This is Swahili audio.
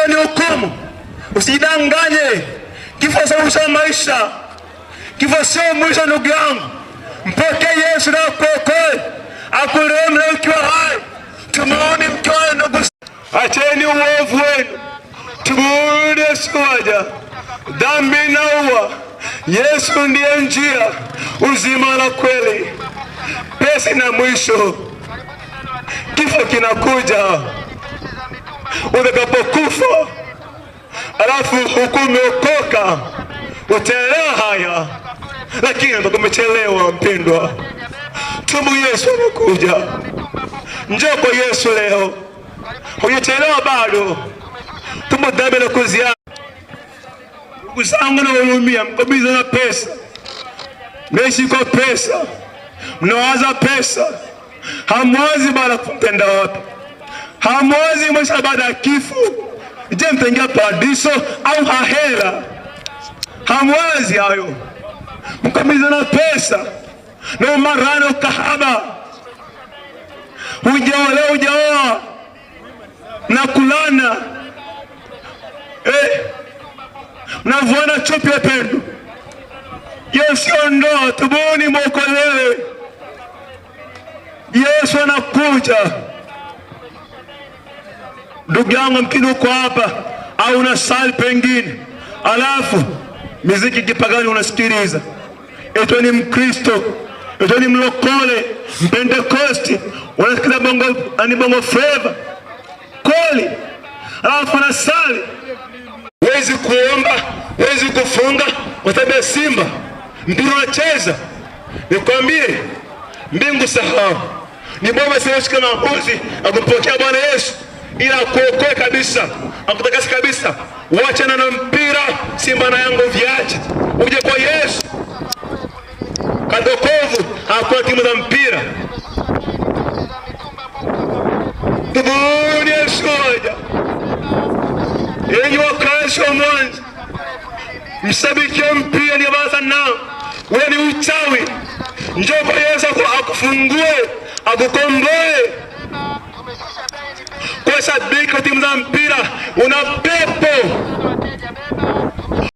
Kifo ni hukumu, Usidanganye, Kifo sio mwisho wa maisha, kifo sio mwisho. Ndugu yangu, mpokee Yesu na kuokoe, akurehemu ukiwa hai. Tumaoni mkiwa ndugu, acheni uovu wenu, tumurudi Yesu waja dhambi na uwa. Yesu ndiye njia, uzima na kweli, pesi na mwisho. Kifo kinakuja utakapokufa, alafu ukumeokoka, utaelewa haya, lakini ndo kumechelewa mpendwa. Tubu, Yesu anakuja. Njoo kwa Yesu leo, hujachelewa bado. Tubu dhambi na kuzia. Ndugu zangu, nawahurumia mkabidhi na pesa, mnaishi kwa pesa, mnawaza pesa, hamwazi bala kumtenda wapi Hamwezi maisha baada ya kifo. Je, mtaingia paradiso au hahera? Hamwezi hayo, mkabizana pesa na umarano ukahaba hujaolewa hujaoa na kulana eh, mnavuana chupi ya pendo. Sio ndoa, tubuni mwokolewe. Yesu anakuja ndugu yangu, mkini uko hapa au na sali pengine, alafu miziki kipagani unasikiliza, itwe ni Mkristo, itwe ni mlokole, mpentekosti, unasikiliza bongo, ani bongo fleva kweli, alafu na sali wezi kuomba, wezi kufunga kwa sababu ya Simba mpira unacheza. Nikwambie mbingu sahau ni bomba sinaoshika na mbuzi akumpokea Bwana Yesu ila kuokoe kabisa, akutakasi kabisa. Wachana na mpira, Simba na Yanga viacha, uje kwa Yesu. Kadokovu hakuna timu za mpira. Tubuni Yesu moja yenye wakazi wa Mwanza, mpira ni basa nao, wewe ni uchawi. Njoo kwa Yesu akufungue, akukomboe mashabiki wa timu za mpira una pepo